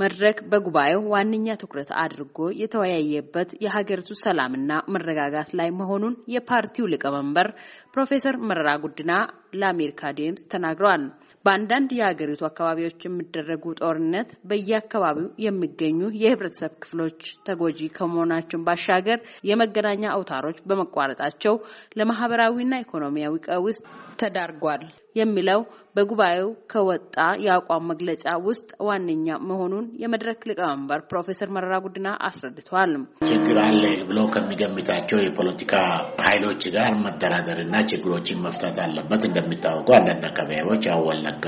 መድረክ በጉባኤው ዋነኛ ትኩረት አድርጎ የተወያየበት የሀገሪቱ ሰላምና መረጋጋት ላይ መሆኑን የፓርቲው ሊቀመንበር ፕሮፌሰር መረራ ጉድና ለአሜሪካ ድምፅ ተናግረዋል። በአንዳንድ የሀገሪቱ አካባቢዎች የሚደረጉ ጦርነት በየአካባቢው የሚገኙ የህብረተሰብ ክፍሎች ተጎጂ ከመሆናቸውን ባሻገር የመገናኛ አውታሮች በመቋረጣቸው ለማህበራዊና ኢኮኖሚያዊ ቀውስ ተዳርጓል። የሚለው በጉባኤው ከወጣ የአቋም መግለጫ ውስጥ ዋነኛ መሆኑን የመድረክ ሊቀመንበር ፕሮፌሰር መረራ ጉድና አስረድተዋል። ችግር አለ ብሎ ከሚገምታቸው የፖለቲካ ኃይሎች ጋር መደራደር እና ችግሮችን መፍታት አለበት። እንደሚታወቀው አንዳንድ አካባቢዎች አወለጋ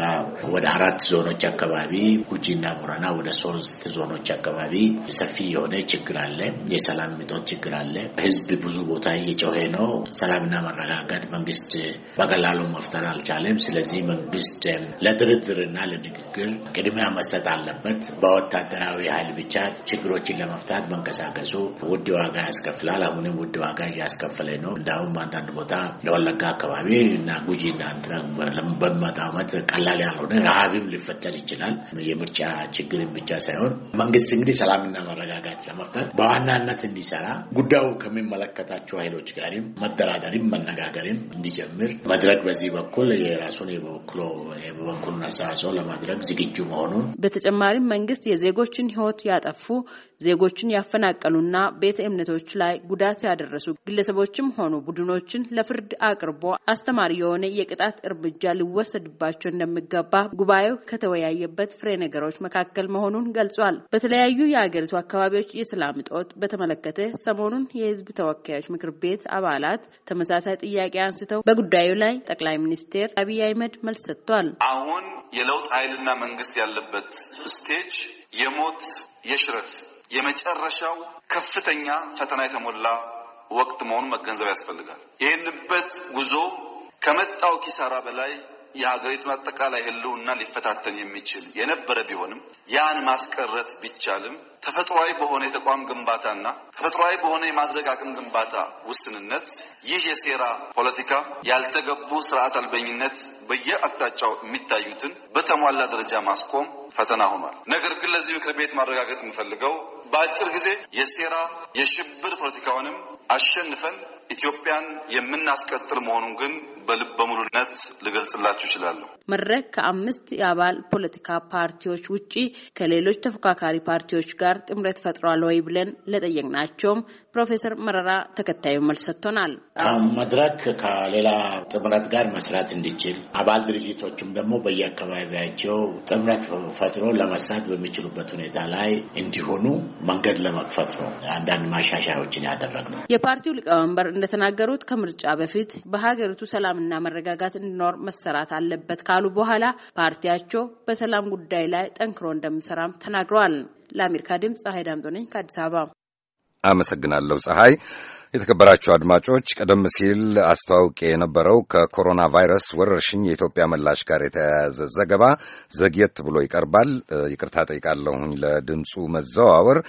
ወደ አራት ዞኖች አካባቢ፣ ጉጂና ቦረና ወደ ሶስት ዞኖች አካባቢ ሰፊ የሆነ ችግር አለ። የሰላም እጦት ችግር አለ። ህዝብ ብዙ ቦታ እየጨሄ ነው። ሰላምና መረጋጋት መንግስት በቀላሉ መፍተር አልቻለም። አላምንም። ስለዚህ መንግስት ለድርድርና ለንግግር ቅድሚያ መስጠት አለበት። በወታደራዊ ኃይል ብቻ ችግሮችን ለመፍታት መንቀሳቀሱ ውድ ዋጋ ያስከፍላል። አሁንም ውድ ዋጋ እያስከፈለ ነው። እንዲሁም አንዳንድ ቦታ ለወለጋ አካባቢ እና ጉጂ በመጣመት ቀላል ያልሆነ ረሃብም ሊፈጠር ይችላል። የምርጫ ችግርን ብቻ ሳይሆን መንግስት እንግዲህ ሰላምና መረጋጋት ለመፍታት በዋናነት እንዲሰራ ጉዳዩ ከሚመለከታቸው ኃይሎች ጋርም መደራደርም መነጋገርም እንዲጀምር መድረክ በዚህ በኩል የራሱን የበኩሎ የበኩሉን አስተዋጽኦ ለማድረግ ዝግጁ መሆኑን በተጨማሪም መንግስት የዜጎችን ህይወት ያጠፉ ዜጎችን ያፈናቀሉና ቤተ እምነቶች ላይ ጉዳት ያደረሱ ግለሰቦችም ሆኑ ቡድኖችን ለፍርድ አቅርቦ አስተማሪ የሆነ የቅጣት እርምጃ ሊወሰድባቸው እንደሚገባ ጉባኤው ከተወያየበት ፍሬ ነገሮች መካከል መሆኑን ገልጿል። በተለያዩ የአገሪቱ አካባቢዎች የሰላም እጦት በተመለከተ ሰሞኑን የህዝብ ተወካዮች ምክር ቤት አባላት ተመሳሳይ ጥያቄ አንስተው በጉዳዩ ላይ ጠቅላይ ሚኒስቴር አብይ አብይ አህመድ መልስ ሰጥቷል። አሁን የለውጥ ኃይልና መንግስት ያለበት ስቴጅ የሞት የሽረት የመጨረሻው ከፍተኛ ፈተና የተሞላ ወቅት መሆኑን መገንዘብ ያስፈልጋል። ይህንበት ጉዞ ከመጣው ኪሳራ በላይ የሀገሪቱን አጠቃላይ ህልውና ሊፈታተን የሚችል የነበረ ቢሆንም ያን ማስቀረት ቢቻልም ተፈጥሯዊ በሆነ የተቋም ግንባታና ተፈጥሯዊ በሆነ የማድረግ አቅም ግንባታ ውስንነት ይህ የሴራ ፖለቲካ ያልተገቡ ስርዓት አልበኝነት በየአቅጣጫው የሚታዩትን በተሟላ ደረጃ ማስቆም ፈተና ሆኗል። ነገር ግን ለዚህ ምክር ቤት ማረጋገጥ የምፈልገው በአጭር ጊዜ የሴራ የሽብር ፖለቲካውንም አሸንፈን ኢትዮጵያን የምናስቀጥል መሆኑን ግን በልብ በሙሉነት ልገልጽላችሁ እችላለሁ። መድረክ ከአምስት የአባል ፖለቲካ ፓርቲዎች ውጪ ከሌሎች ተፎካካሪ ፓርቲዎች ጋር ጥምረት ፈጥሯል ወይ ብለን ለጠየቅናቸውም ፕሮፌሰር መረራ ተከታዩ መልስ ሰጥቶናል። መድረክ ከሌላ ጥምረት ጋር መስራት እንዲችል አባል ድርጅቶችም ደግሞ በየአካባቢያቸው ጥምረት ፈጥሮ ለመስራት በሚችሉበት ሁኔታ ላይ እንዲሆኑ መንገድ ለመክፈት ነው አንዳንድ ማሻሻያዎችን ያደረግነው። የፓርቲው ሊቀመንበር እንደተናገሩት ከምርጫ በፊት በሀገሪቱ ሰላምና መረጋጋት እንዲኖር መሰራት አለበት ካሉ በኋላ ፓርቲያቸው በሰላም ጉዳይ ላይ ጠንክሮ እንደሚሰራም ተናግረዋል። ለአሜሪካ ድምፅ ፀሐይ ዳምጦ ነኝ ከአዲስ አበባ። አመሰግናለሁ ፀሐይ። የተከበራችሁ አድማጮች ቀደም ሲል አስተዋውቄ የነበረው ከኮሮና ቫይረስ ወረርሽኝ የኢትዮጵያ ምላሽ ጋር የተያያዘ ዘገባ ዘግየት ብሎ ይቀርባል። ይቅርታ ጠይቃለሁኝ ለድምፁ መዘዋወር።